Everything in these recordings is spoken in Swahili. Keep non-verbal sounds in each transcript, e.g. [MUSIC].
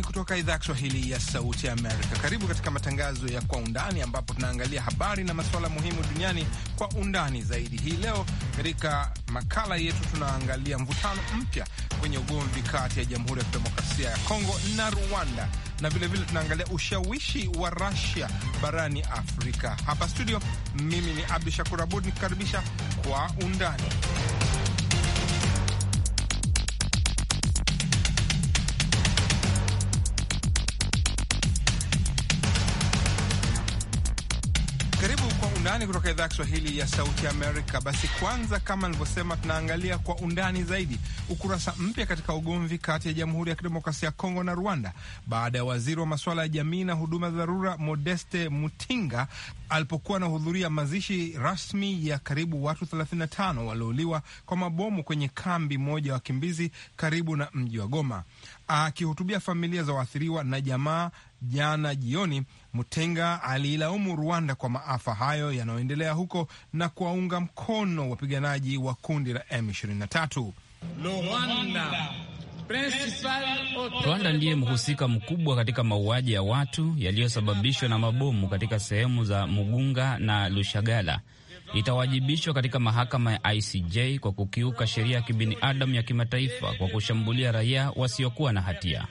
Undani kutoka idhaa ya Kiswahili ya Sauti ya Amerika. Karibu katika matangazo ya Kwa Undani, ambapo tunaangalia habari na masuala muhimu duniani kwa undani zaidi. Hii leo katika makala yetu tunaangalia mvutano mpya kwenye ugomvi kati ya Jamhuri ya Kidemokrasia ya Kongo na Rwanda, na vilevile tunaangalia ushawishi wa rasia barani Afrika. Hapa studio, mimi ni Abdu Shakur Abud nikikaribisha Kwa Undani. undani kutoka idhaa ya Kiswahili ya Sauti Amerika. Basi kwanza, kama nilivyosema, tunaangalia kwa undani zaidi ukurasa mpya katika ugomvi kati ya Jamhuri ya Kidemokrasia ya Kongo na Rwanda baada ya waziri wa masuala ya jamii na huduma za dharura Modeste Mutinga alipokuwa anahudhuria mazishi rasmi ya karibu watu 35 waliouliwa kwa mabomu kwenye kambi moja ya wakimbizi karibu na mji wa Goma. Akihutubia familia za waathiriwa na jamaa jana jioni, Mutenga aliilaumu Rwanda kwa maafa hayo yanayoendelea huko na kuwaunga mkono wapiganaji wa kundi la M23. Rwanda ndiye mhusika mkubwa katika mauaji ya watu yaliyosababishwa na mabomu katika sehemu za Mugunga na Lushagala itawajibishwa katika mahakama ya ICJ kwa kukiuka sheria ya kibinadamu ya kimataifa kwa kushambulia raia wasiokuwa na hatia.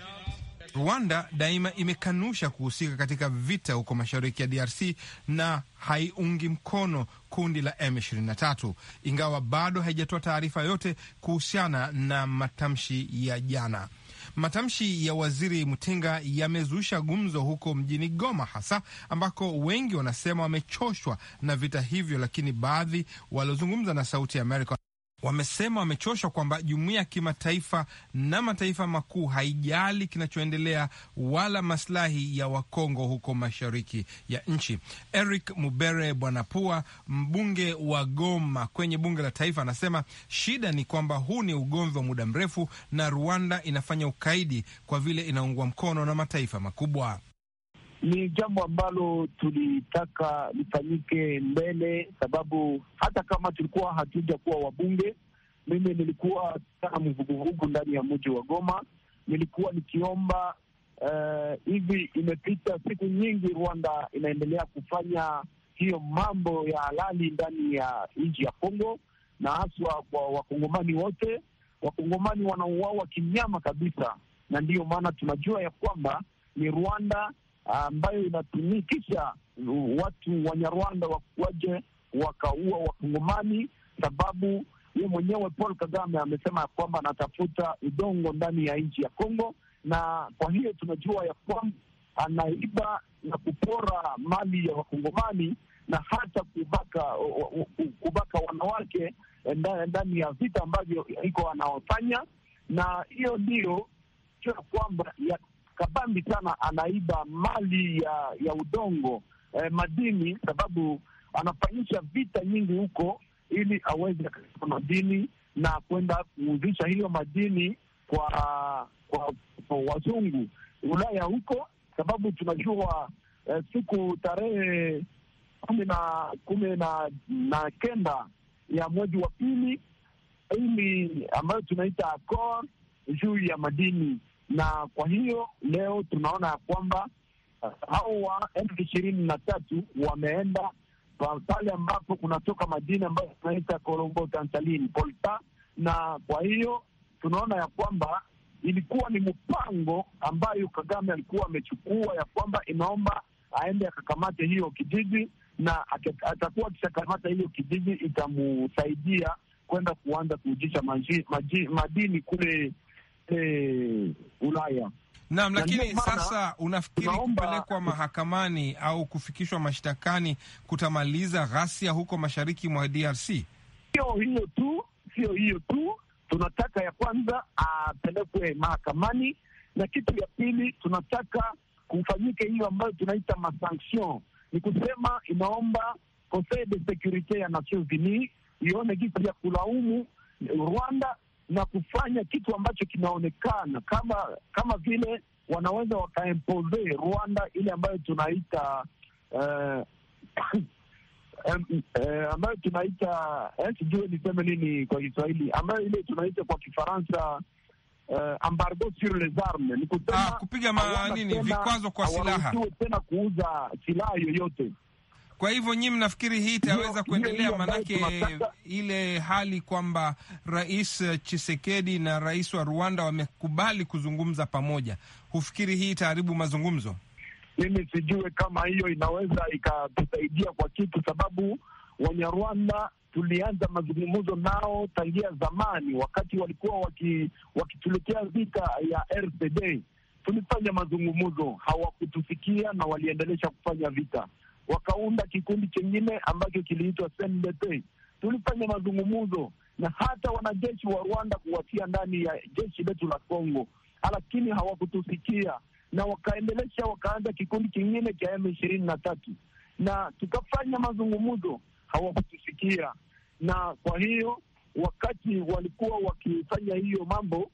Rwanda daima imekanusha kuhusika katika vita huko mashariki ya DRC na haiungi mkono kundi la M23 ingawa bado haijatoa taarifa yote kuhusiana na matamshi ya jana. Matamshi ya waziri mtinga yamezusha gumzo huko mjini Goma, hasa ambako wengi wanasema wamechoshwa na vita hivyo, lakini baadhi waliozungumza na Sauti ya Amerika wamesema wamechoshwa kwamba jumuiya ya kimataifa na mataifa makuu haijali kinachoendelea wala maslahi ya Wakongo huko mashariki ya nchi. Eric Mubere Bwanapua, mbunge wa Goma kwenye bunge la taifa, anasema shida ni kwamba huu ni ugomvi wa muda mrefu, na Rwanda inafanya ukaidi kwa vile inaungwa mkono na mataifa makubwa ni jambo ambalo tulitaka lifanyike mbele, sababu hata kama tulikuwa hatuja kuwa wabunge, mimi nilikuwa sana mvuguvugu ndani ya mji wa Goma, nilikuwa nikiomba eh, hivi. imepita siku nyingi, Rwanda inaendelea kufanya hiyo mambo ya halali ndani ya nchi ya Kongo, na haswa kwa wakongomani wote. Wakongomani wanauawa kinyama kabisa, na ndiyo maana tunajua ya kwamba ni Rwanda ambayo inatumikisha watu watu Wanyarwanda wakuaje wakaua Wakongomani, sababu ye mwenyewe Paul Kagame amesema ya kwamba anatafuta udongo ndani ya nchi ya Kongo, na kwa hiyo tunajua ya kwamba anaiba na kupora mali ya Wakongomani na hata kubaka kubaka wanawake eh, ndani ya vita ambavyo iko anaofanya, na hiyo ndiyo ya kwamba ya kabambi sana anaiba mali ya ya udongo eh, madini, sababu anafanyisha vita nyingi huko ili aweze akaa madini na kwenda kuuzisha hiyo madini kwa kwa, kwa wazungu Ulaya huko, sababu tunajua eh, siku tarehe kumi na kumi na, na kenda ya mwezi wa pili ili ambayo tunaita akor juu ya madini na kwa hiyo leo tunaona ya kwamba eh, wa M ishirini na tatu wameenda pale ambapo kunatoka madini ambayo tunaita Colombo Tantalin Polta, na kwa hiyo tunaona ya kwamba ilikuwa ni mpango ambayo Kagame alikuwa amechukua ya kwamba inaomba aende akakamate hiyo kijiji, na atakuwa akishakamata hiyo kijiji itamusaidia kwenda kuanza kuujisha madini kule eh, Ulaya. Naam, lakini na sasa unafikiri kupelekwa mahakamani au kufikishwa mashtakani kutamaliza ghasia huko mashariki mwa DRC? Sio hiyo tu, sio hiyo tu, tunataka ya kwanza apelekwe mahakamani, na kitu ya pili tunataka kufanyike hiyo ambayo tunaita masanction, ni kusema inaomba Conseil de Securite ya Nations Unies ione gisi ya kulaumu Rwanda na kufanya kitu ambacho kinaonekana kama kama vile wanaweza wakaimpose Rwanda ile ambayo tunaita uh, [COUGHS] eh, ambayo tunaita eh, sijue niseme nini kwa Kiswahili, ambayo ile tunaita kwa Kifaransa uh, embargo sur les armes, ni kusema ah, kupiga ma nini vikwazo kwa silaha, tena kuuza silaha yoyote. Kwa hivyo nyi mnafikiri hii itaweza kuendelea? Maanake ile hali kwamba Rais Chisekedi na rais wa Rwanda wamekubali kuzungumza pamoja, hufikiri hii itaharibu mazungumzo? Mimi sijue kama hiyo inaweza ikatusaidia kwa kitu, sababu Wanyarwanda tulianza mazungumzo nao tangia zamani, wakati walikuwa waki, wakituletea vita ya RCD tulifanya mazungumzo, hawakutusikia na waliendelesha kufanya vita wakaunda kikundi chengine ambacho kiliitwa Tulifanya mazungumzo na hata wanajeshi wa Rwanda kuwatia ndani ya jeshi letu la Kongo, lakini hawakutusikia na wakaendelesha, wakaanza kikundi kingine cha M ishirini na tatu na tukafanya mazungumzo, hawakutusikia. Na kwa hiyo wakati walikuwa wakifanya hiyo mambo,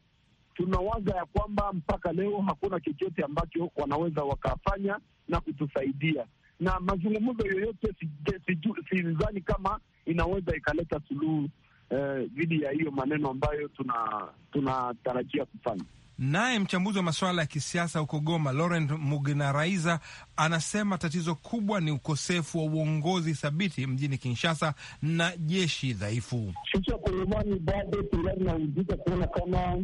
tunawaza ya kwamba mpaka leo hakuna chochote ambacho wanaweza wakafanya na kutusaidia na mazungumzo yoyote sidhani kama inaweza ikaleta suluhu eh, dhidi eh, ya hiyo maneno ambayo tunatarajia tuna kufanya. Naye mchambuzi wa masuala ya kisiasa huko Goma, Laurent Mugnaraiza, anasema tatizo kubwa ni ukosefu wa uongozi thabiti mjini Kinshasa na jeshi dhaifu. Sisi Wakongomani bado tungali tunaudhika kuona kama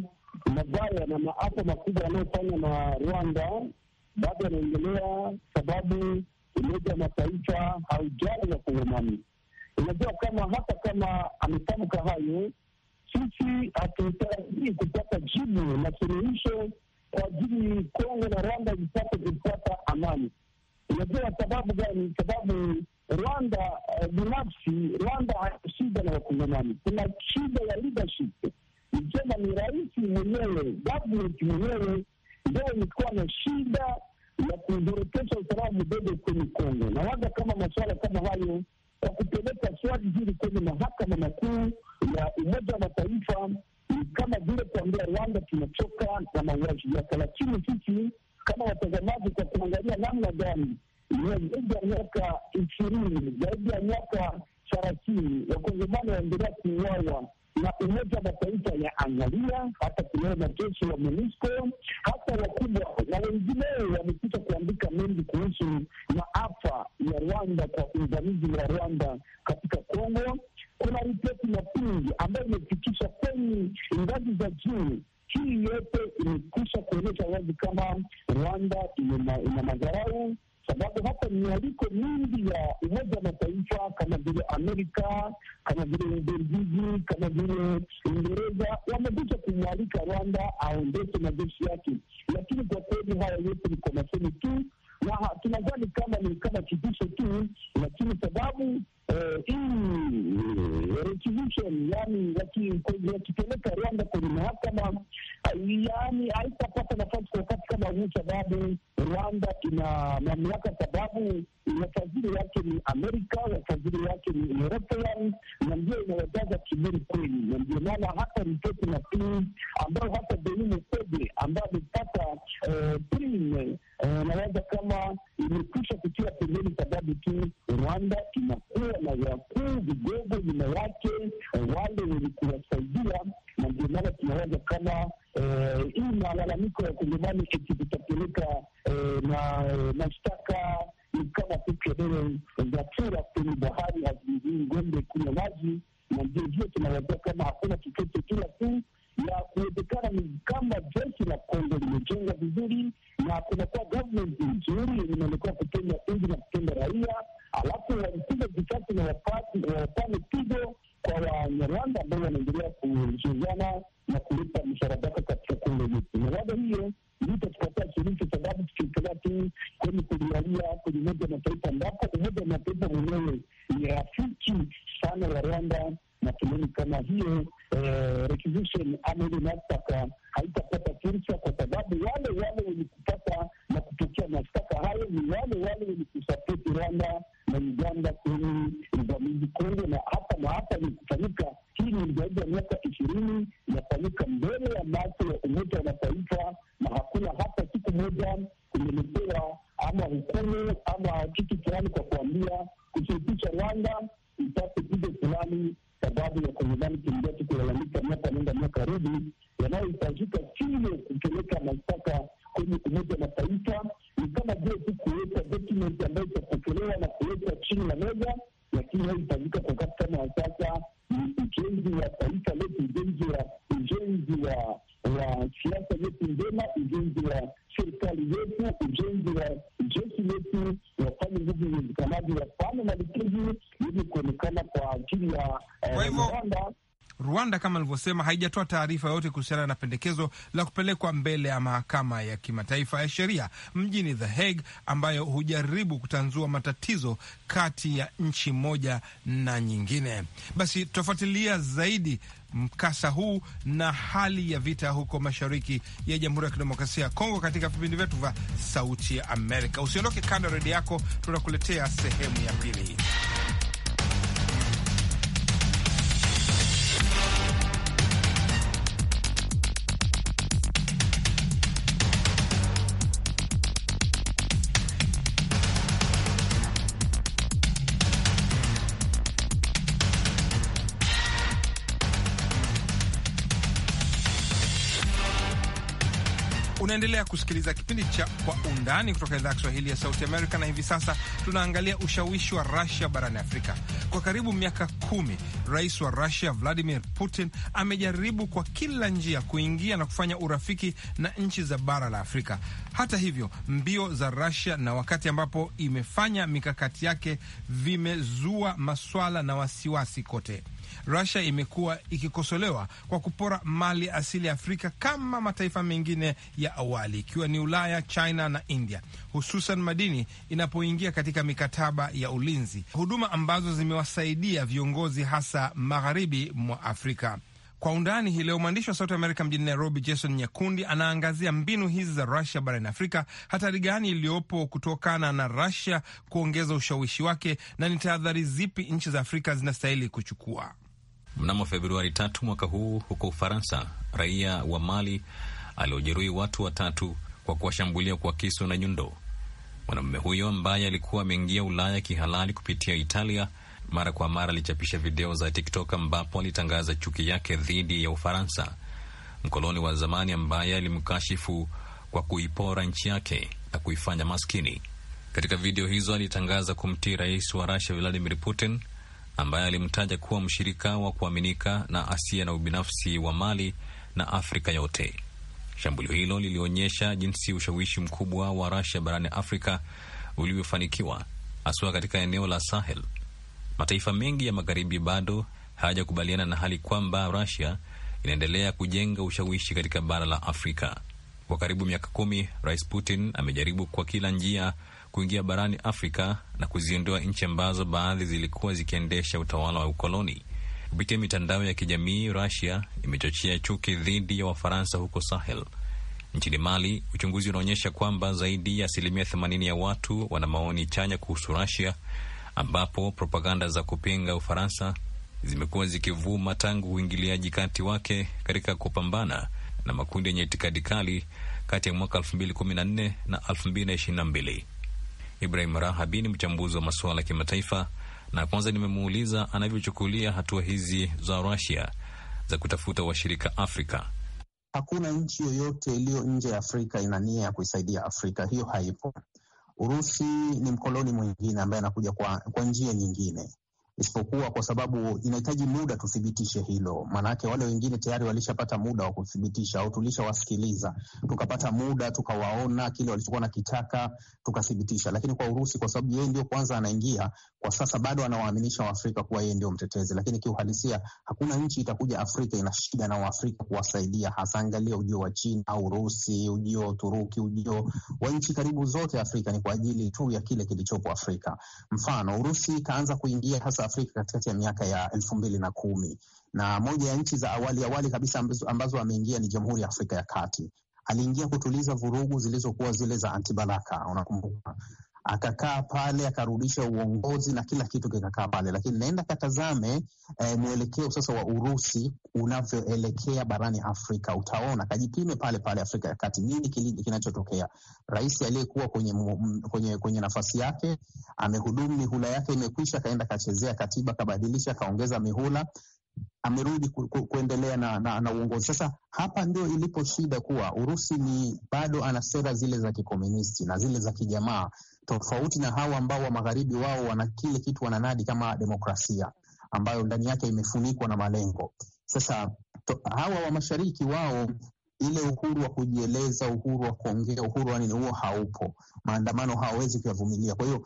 mabaya na maafa makubwa yanayofanywa na Rwanda bado yanaendelea, sababu Umoja wa Mataifa haujali Wakongomani. Unajua kama hata kama ametamka hayo, sisi hatutarajii kupata jibu na suluhisho kwa ajili Kongo na Rwanda zipate kupata amani. Unajua sababu gani? Sababu Rwanda eh, binafsi, Rwanda hana shida na Wakongomani, kuna shida ya leadership. Nikisema ni rais mwenyewe, government mwenyewe ndio ilikuwa na shida ya kuzorotesha usalama mdogo kwenye Kongo. na waga kama masuala kama hayo kwa kupeleka swali hili kwenye mahakama makuu ya Umoja wa Mataifa ni kama vile kuambia Rwanda tunachoka na mauaji yake, lakini sisi kama watazamaji, kwa kuangalia namna gani zaidi ya miaka ishirini zaidi ya miaka thelathini wakongomani waendelea kuuawa na Umoja Mataifa ya angalia hata kunao jeshi wa MONUSCO hata wakubwa na wengineo wamekuja kuandika mengi kuhusu maafa ya Rwanda kwa uvamizi wa Rwanda katika Kongo. Kuna ripoti na pingi ambayo imefikisha kwenye ngazi za juu. Hii yote imekwisha kuonyesha wazi kama Rwanda ina madharau sababu ni mialiko mingi ya Umoja wa Mataifa kama vile Amerika, kama vile Ubelgiji, kama vile Uingereza wamekuja kumwalika Rwanda aondeshe majeshi yake, lakini kwa kweli haya yote ni kwa masemi tu na tunadhani kama ni kama kitisho tu, lakini sababu eh, hii yani wakipeleka Rwanda kwenye mahakama yani haitapata nafasi kwa wakati kama huu, sababu Rwanda ina mamlaka, sababu wafadhili wake ni Amerika, wafadhili wake ni European, na ndio inawajaza kiburi kweli, na ndio maana hata ripoti na pi ambayo hata Denis Mukwege ambayo amepata eh, prim eh, naweza kama imekwisha kutia pembeni, sababu tu Rwanda inakuwa na wakuu vigogo nyuma yake, eh, wale wenye kuwasaidia na ndio maana kama eh, hii malalamiko ya Kongomani ikitapeleka eh, na eh, mashtaka ni kama tu kelele za kura kwenye bahari hazizii ngombe kunywa maji, na ndio hiyo tunawaza kama hakuna chochote kila tu na kuwezekana ni kama jeshi la Kongo limejenga vizuri na kunakuwa government nzuri yenye inaonekana kupenda nchi na kupenda raia, alafu walikuza vikasi na wapane pigo kwa Wanyarwanda ambao wanaendelea kuzozana na kuleta misharabaka katika Kongo yetu. Na baada hiyo ndio itatupatia suluhisho, sababu tukiekelea tu kwenye kulialia kwenye Umoja wa Mataifa ambapo Umoja wa Mataifa mwenyewe ni rafiki sana ya Rwanda na tunaoni kama hiyo eh, recognition ama ile mashtaka haitapata fursa, kwa sababu wale wale wenye kupata na kupokea mashtaka hayo ni wale wale wenye kusapoti Rwanda na Uganda kwenye uvamizi Kongo, na hapa na hapa ni kufanyika hii ni zaidi ya miaka ishirini inafanyika mbele ya macho ya Umoja wa Mataifa, na hakuna hata siku moja kumelekewa ama hukumu ama kitu fulani kwa kuambia kushirikisha Rwanda ipate kizo fulani, sababu ya kongomani kimjia kulalamika miaka nenda miaka rudi, yanayohitajika sio kupeleka mashtaka kwenye Umoja wa Mataifa kama vile tu kuweka document ambayo itapokelewa na kuweka chini ya meza, lakini haitafanyika kwa wakati kama wa sasa. Ujenzi wa taifa letu, ujenzi wa ujenzi wa wa siasa yetu njema, ujenzi wa serikali yetu, ujenzi wa jeshi letu, wafanye nguvu uwezekanavyo, wafanye marekezi ili kuonekana kwa ajili ya Rwanda. Eh, Rwanda kama alivyosema haijatoa taarifa yoyote kuhusiana na pendekezo la kupelekwa mbele ya mahakama ya kimataifa ya sheria mjini The Hague, ambayo hujaribu kutanzua matatizo kati ya nchi moja na nyingine. Basi tutafuatilia zaidi mkasa huu na hali ya vita huko mashariki ya Jamhuri ya Kidemokrasia ya Kongo katika vipindi vyetu vya Sauti ya Amerika. Usiondoke kando ya redio yako, tunakuletea sehemu ya pili. Unaendelea kusikiliza kipindi cha Kwa Undani kutoka idhaa ya Kiswahili ya Sauti Amerika, na hivi sasa tunaangalia ushawishi wa Rusia barani Afrika. Kwa karibu miaka kumi, rais wa Rusia Vladimir Putin amejaribu kwa kila njia kuingia na kufanya urafiki na nchi za bara la Afrika. Hata hivyo, mbio za Rusia na wakati ambapo imefanya mikakati yake vimezua maswala na wasiwasi kote. Rusia imekuwa ikikosolewa kwa kupora mali asili ya Afrika kama mataifa mengine ya awali, ikiwa ni Ulaya, China na India, hususan madini inapoingia katika mikataba ya ulinzi, huduma ambazo zimewasaidia viongozi hasa magharibi mwa Afrika. Kwa undani hii leo, mwandishi wa Sauti Amerika mjini Nairobi, Jason Nyakundi, anaangazia mbinu hizi za Rusia barani Afrika, hatari gani iliyopo kutokana na Rusia kuongeza ushawishi wake, na ni tahadhari zipi nchi za Afrika zinastahili kuchukua. Mnamo Februari tatu mwaka huu huko Ufaransa, raia wa Mali aliojeruhi watu watatu kwa kuwashambulia kwa kisu na nyundo. Mwanamume huyo ambaye alikuwa ameingia Ulaya kihalali kupitia Italia mara kwa mara alichapisha video za TikTok ambapo alitangaza chuki yake dhidi ya Ufaransa, mkoloni wa zamani ambaye alimkashifu kwa kuipora nchi yake na kuifanya maskini. Katika video hizo alitangaza kumtii rais wa Rusia Vladimir Putin ambaye alimtaja kuwa mshirika wa kuaminika na asiye na ubinafsi wa Mali na Afrika yote. Shambulio hilo lilionyesha jinsi ushawishi mkubwa wa Russia barani Afrika ulivyofanikiwa haswa katika eneo la Sahel. Mataifa mengi ya magharibi bado hayajakubaliana na hali kwamba Russia inaendelea kujenga ushawishi katika bara la Afrika. Kwa karibu miaka kumi, Rais Putin amejaribu kwa kila njia kuingia barani Afrika na kuziondoa nchi ambazo baadhi zilikuwa zikiendesha utawala wa ukoloni. Kupitia mitandao ya kijamii, rasia imechochea chuki dhidi ya Wafaransa huko Sahel. Nchini Mali, uchunguzi unaonyesha kwamba zaidi ya asilimia themanini ya watu wana maoni chanya kuhusu rasia ambapo propaganda za kupinga Ufaransa zimekuwa zikivuma tangu uingiliaji kati wake katika kupambana na makundi yenye itikadi kali kati ya mwaka 2014 na 2022. Ibrahim Rahabi ni mchambuzi wa masuala ya kimataifa, na kwanza nimemuuliza anavyochukulia hatua hizi za rasia za kutafuta washirika Afrika. Hakuna nchi yoyote iliyo nje ya Afrika ina nia ya kuisaidia Afrika, hiyo haipo. Urusi ni mkoloni mwingine ambaye anakuja kwa, kwa njia nyingine isipokuwa kwa sababu inahitaji muda tuthibitishe hilo. Maanake wale wengine tayari walishapata muda wa kuthibitisha, au tulishawasikiliza tukapata muda tukawaona kile walichokuwa nakitaka tukathibitisha. Lakini kwa Urusi, kwa sababu yeye ndio kwanza anaingia kwa sasa, bado anawaaminisha Waafrika kuwa yeye ndio mtetezi, lakini kiuhalisia hakuna nchi itakuja Afrika ina shida na Waafrika kuwasaidia, hasa angalia ujio wa China au Urusi, ujio wa Uturuki, ujio wa nchi karibu zote Afrika ni kwa ajili tu ya kile kilichopo Afrika. Mfano Urusi ikaanza kuingia hasa Afrika katikati ya miaka ya elfu mbili na kumi na moja ya nchi za awali awali kabisa ambazo ameingia ni Jamhuri ya Afrika ya Kati. Aliingia kutuliza vurugu zilizokuwa zile za Antibalaka, unakumbuka akakaa pale akarudisha uongozi na kila kitu kikakaa pale, lakini naenda katazame eh, mwelekeo sasa wa Urusi unavyoelekea barani Afrika. Utaona kajipime pale pale Afrika ya Kati, nini kinachotokea. Rais aliyekuwa kwenye, kwenye, kwenye nafasi yake amehudumu, mihula yake imekwisha, akaenda akachezea katiba, akabadilisha, akaongeza mihula amerudi ku, ku, kuendelea na, na, na uongozi sasa. Hapa ndio ilipo shida, kuwa Urusi ni bado ana sera zile za kikomunisti na zile za kijamaa tofauti na hawa ambao wa magharibi, wao wana kile kitu wananadi kama demokrasia ambayo ndani yake imefunikwa na malengo. Sasa to, hawa wa mashariki wao ile uhuru wa kujieleza, uhuru wa kuongea, uhuru wa nini, huo haupo. Maandamano hawawezi kuyavumilia. Kwa hiyo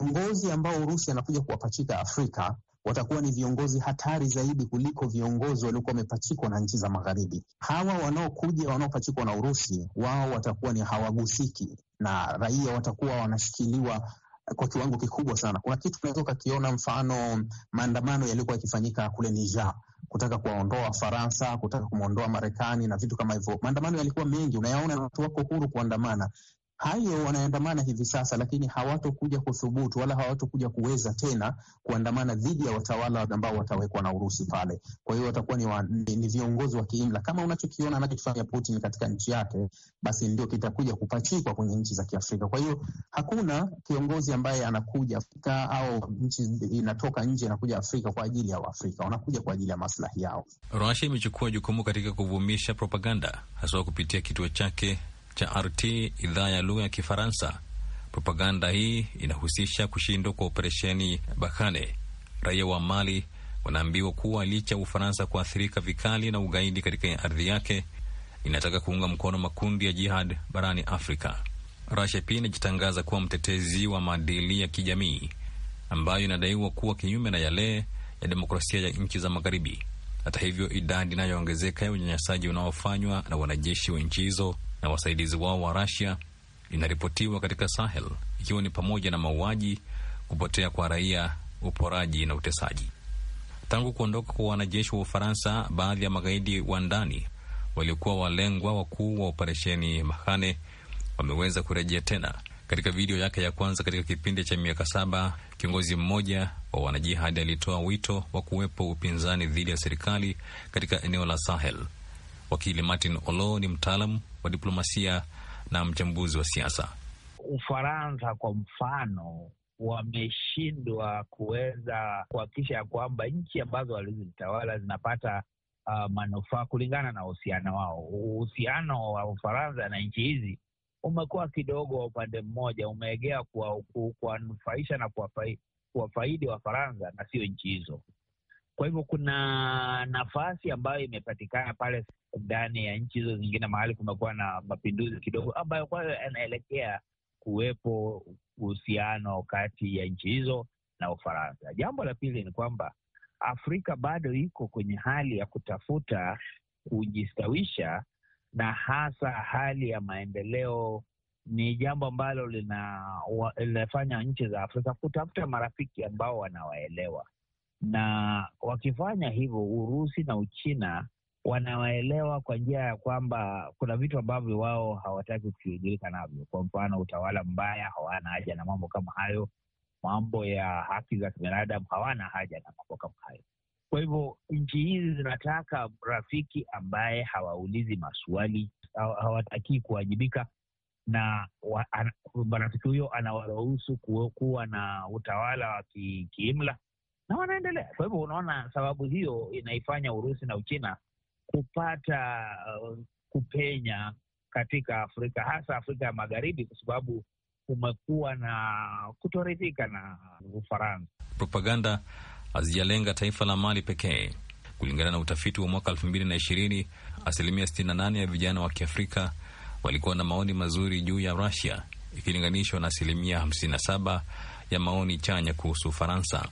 viongozi ambao Urusi anakuja kuwapachika Afrika watakuwa ni viongozi hatari zaidi kuliko viongozi waliokuwa wamepachikwa na nchi za magharibi. Hawa wanaokuja wanaopachikwa na Urusi, wao watakuwa ni hawagusiki, na raia watakuwa wanashikiliwa kwa kiwango kikubwa sana. Kuna kitu unaweza ukakiona, mfano maandamano yaliyokuwa yakifanyika kule Niger kutaka kuwaondoa Faransa, kutaka kumwondoa Marekani na vitu kama hivyo. Maandamano yalikuwa mengi, unayaona, watu wako huru kuandamana, hayo wanaandamana hivi sasa, lakini hawatokuja kuthubutu wala hawatokuja kuweza tena kuandamana dhidi ya watawala ambao watawekwa na Urusi pale. Kwa hiyo watakuwa ni, wa, ni, ni viongozi wa kiimla kama unachokiona anachokifanya Putin katika nchi yake, basi ndio kitakuja kupachikwa kwenye nchi za Kiafrika. Kwa hiyo hakuna kiongozi ambaye anakuja Afrika au nchi inatoka nje inakuja Afrika kwa ajili ya Waafrika, wanakuja kwa ajili ya maslahi yao. Russia imechukua jukumu katika kuvumisha propaganda, haswa kupitia kituo chake cha RT idhaa ya lugha ya Kifaransa. Propaganda hii inahusisha kushindwa kwa operesheni bakane Raia wa Mali wanaambiwa kuwa licha ya Ufaransa kuathirika vikali na ugaidi katika ardhi yake, inataka kuunga mkono makundi ya jihad barani Afrika. Rasia pia inajitangaza kuwa mtetezi wa maadili ya kijamii ambayo inadaiwa kuwa kinyume na yale ya demokrasia ya nchi za Magharibi. Hata hivyo, idadi inayoongezeka ya unyanyasaji unaofanywa na wanajeshi wa nchi hizo na wasaidizi wao wa rasia inaripotiwa katika Sahel, ikiwa ni pamoja na mauaji, kupotea kwa raia, uporaji na utesaji. Tangu kuondoka kwa wanajeshi wa Ufaransa, baadhi ya magaidi wa ndani waliokuwa walengwa wakuu wa operesheni Mahane wameweza kurejea tena. Katika video yake ya kwanza katika kipindi cha miaka saba, kiongozi mmoja wa wanajihadi alitoa wito wa kuwepo upinzani dhidi ya serikali katika eneo la Sahel. Wakili Martin Olo ni mtaalamu wa diplomasia na mchambuzi wa siasa. Ufaransa kwa mfano wameshindwa kuweza kuhakikisha ya kwamba nchi ambazo walizitawala zinapata uh, manufaa kulingana na uhusiano wao. Uhusiano wa Ufaransa na nchi hizi umekuwa kidogo wa upande mmoja, umeegea kuwanufaisha na kuwafaidi Wafaransa na sio nchi hizo. Kwa hivyo kuna nafasi ambayo imepatikana pale ndani ya nchi hizo zingine, mahali kumekuwa na mapinduzi kidogo, ambayo kwayo yanaelekea kuwepo uhusiano kati ya nchi hizo na Ufaransa. Jambo la pili ni kwamba Afrika bado iko kwenye hali ya kutafuta kujistawisha, na hasa hali ya maendeleo ni jambo ambalo linafanya nchi za Afrika kutafuta marafiki ambao wanawaelewa na wakifanya hivyo Urusi na Uchina wanawaelewa kwa njia ya kwamba kuna vitu ambavyo wao hawataki kushughulika navyo. Kwa mfano, utawala mbaya hawana haja na mambo kama hayo, mambo ya haki za kibinadamu hawana haja na mambo kama hayo. Kwa hivyo nchi hizi zinataka rafiki ambaye hawaulizi maswali, hawatakii kuwajibika, na marafiki huyo anawaruhusu kuwa na utawala wa kiimla na wanaendelea. Kwa hivyo unaona, sababu hiyo inaifanya Urusi na Uchina kupata uh, kupenya katika Afrika, hasa Afrika ya Magharibi, kwa sababu kumekuwa na kutoridhika na Ufaransa. Propaganda hazijalenga taifa la Mali pekee. Kulingana na utafiti wa mwaka elfu mbili na ishirini, asilimia sitini na nane ya vijana wa Kiafrika walikuwa na maoni mazuri juu ya Rusia ikilinganishwa na asilimia hamsini na saba ya maoni chanya kuhusu Ufaransa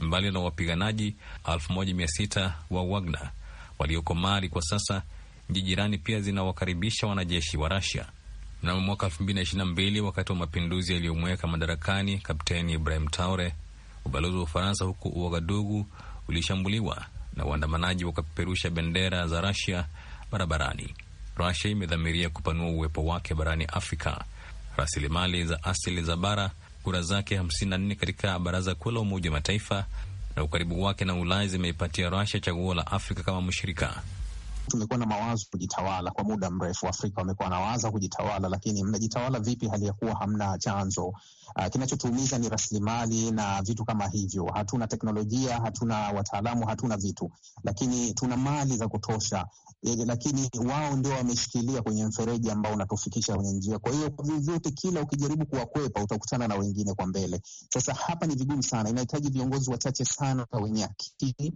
mbali na wapiganaji 1600 wa Wagner walioko Mali kwa sasa, nchi jirani pia zinawakaribisha wanajeshi wa Rasia. Mnamo mwaka 2022 wakati wa mapinduzi yaliyomweka madarakani Kapteni Ibrahim taure ubalozi wa Ufaransa huku Uagadugu ulishambuliwa na waandamanaji wakapeperusha bendera za Rasia barabarani. Rasia imedhamiria kupanua uwepo wake barani Afrika. Rasilimali za asili za bara kura zake 54 katika baraza kuu la Umoja wa Mataifa, na ukaribu wake na Ulaya zimeipatia Russia chaguo la Afrika kama mshirika. Tumekuwa na mawazo kujitawala kwa muda mrefu. Afrika wamekuwa na kujitawala, lakini mnajitawala vipi hali ya kuwa hamna chanzo? Uh, kinachotuumiza ni rasilimali na vitu kama hivyo. Hatuna teknolojia, hatuna wataalamu, hatuna vitu, lakini tuna mali za kutosha e, lakini wao ndio wameshikilia kwenye mfereji ambao unatufikisha kwenye njia. Kwa hiyo kwa vyovyote, kila ukijaribu kuwakwepa utakutana na wengine kwa mbele. Sasa hapa ni vigumu sana, inahitaji viongozi wachache sana wenye akili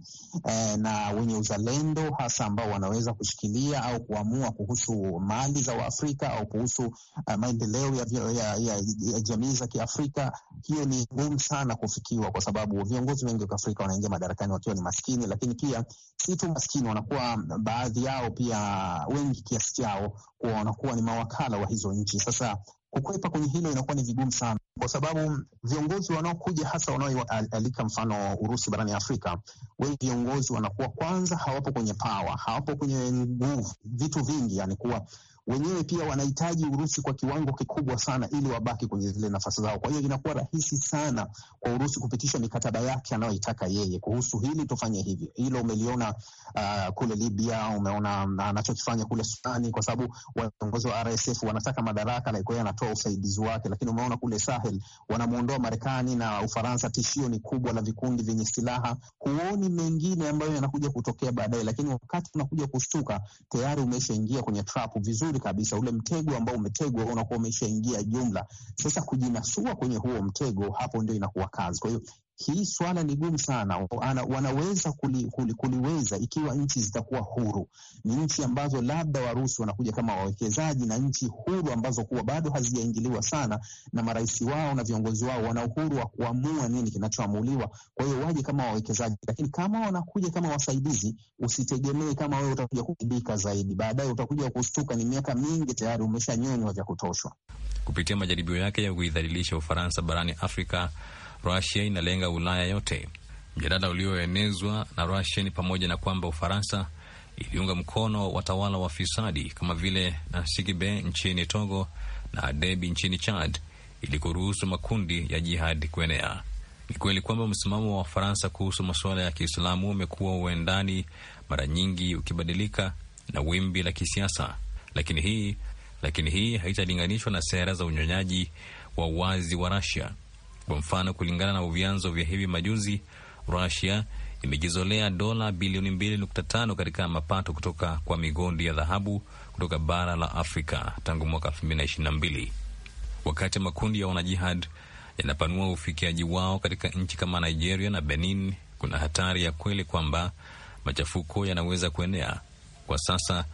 e, na wenye uzalendo hasa ambao wanaweza kushikilia au kuamua kuhusu mali za Waafrika au kuhusu uh, maendeleo ya, ya, ya, ya jamii za Kiafrika. Hiyo ni ngumu sana kufikiwa kwa sababu viongozi wengi wa Kiafrika wanaingia madarakani wakiwa ni maskini, lakini pia si tu maskini, wanakuwa baadhi yao wao pia wengi kiasi chao kuwa wanakuwa ni mawakala wa hizo nchi. Sasa kukwepa kwenye hilo inakuwa ni vigumu sana, kwa sababu viongozi wanaokuja hasa wanaoalika mfano Urusi barani Afrika, wengi viongozi wanakuwa kwanza hawapo kwenye pawa, hawapo kwenye nguvu, vitu vingi yani kuwa wenyewe pia wanahitaji Urusi kwa kiwango kikubwa sana ili wabaki kwenye zile nafasi zao. Kwa hiyo inakuwa rahisi sana kwa Urusi kupitisha mikataba yake anayoitaka yeye, kuhusu hili tufanye hivi. Hilo umeliona uh, kule Libya, umeona um, anachokifanya kule Sudani, kwa sababu viongozi wa RSF wanataka madaraka, na kwa anatoa usaidizi wake. Lakini umeona kule Sahel wanamwondoa Marekani na Ufaransa, tishio ni kubwa la vikundi vyenye silaha. Huoni mengine ambayo yanakuja kutokea baadaye, lakini wakati unakuja kushtuka tayari umeshaingia kwenye trap vizuri vizuri kabisa, ule mtego ambao umetegwa unakuwa umeshaingia jumla. Sasa kujinasua kwenye huo mtego, hapo ndio inakuwa kazi. Kwa hiyo hii swala ni gumu sana. ana, wanaweza kuli, kuli, kuliweza ikiwa nchi zitakuwa huru. Ni nchi ambazo labda Warusi wanakuja kama wawekezaji na nchi huru ambazo kuwa bado hazijaingiliwa sana na marais wao na viongozi wao, wana uhuru wa kuamua nini kinachoamuliwa. Kwa hiyo waje kama wawekezaji, lakini kama wanakuja kama wasaidizi, usitegemee kama wewe utakuja kuibika zaidi. Baadaye utakuja kustuka, ni miaka mingi tayari umeshanyonywa vya kutoshwa. Kupitia majaribio yake ya kuidhalilisha Ufaransa barani Afrika Rusia inalenga Ulaya yote. Mjadala ulioenezwa na Rusia ni pamoja na kwamba Ufaransa iliunga mkono watawala wa fisadi kama vile Nassigibe nchini Togo na Debi nchini Chad ili kuruhusu makundi ya jihadi kuenea. Ni kweli kwamba msimamo wa Ufaransa kuhusu masuala ya Kiislamu umekuwa uendani, mara nyingi ukibadilika na wimbi la kisiasa, lakini hii lakini hii haitalinganishwa na sera za unyonyaji wa wazi wa rasia kwa mfano, kulingana na vyanzo vya hivi majuzi, Rusia imejizolea dola bilioni 2.5 katika mapato kutoka kwa migodi ya dhahabu kutoka bara la Afrika tangu mwaka 2022 wakati makundi ya wanajihad yanapanua ufikiaji wao katika nchi kama Nigeria na Benin, kuna hatari ya kweli kwamba machafuko yanaweza kuenea. Kwa sasa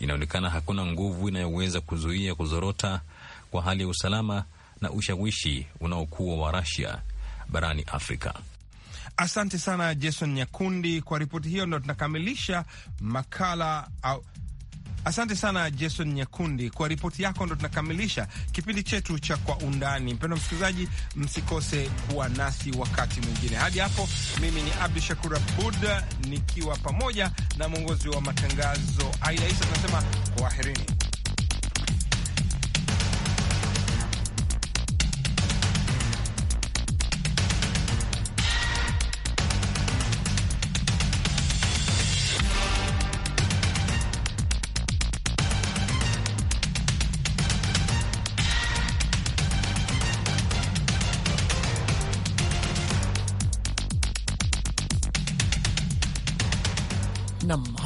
inaonekana hakuna nguvu inayoweza kuzuia kuzorota kwa hali ya usalama na ushawishi unaokuwa wa Rasia barani Afrika. Asante sana Jason Nyakundi kwa ripoti hiyo, ndo tunakamilisha makala au... Asante sana Jason Nyakundi kwa ripoti yako, ndo tunakamilisha kipindi chetu cha Kwa Undani. Mpendwa msikilizaji, msikose kuwa nasi wakati mwingine. Hadi hapo, mimi ni Abdu Shakur Abud nikiwa pamoja na mwongozi wa matangazo Aida Isa, tunasema kwaherini.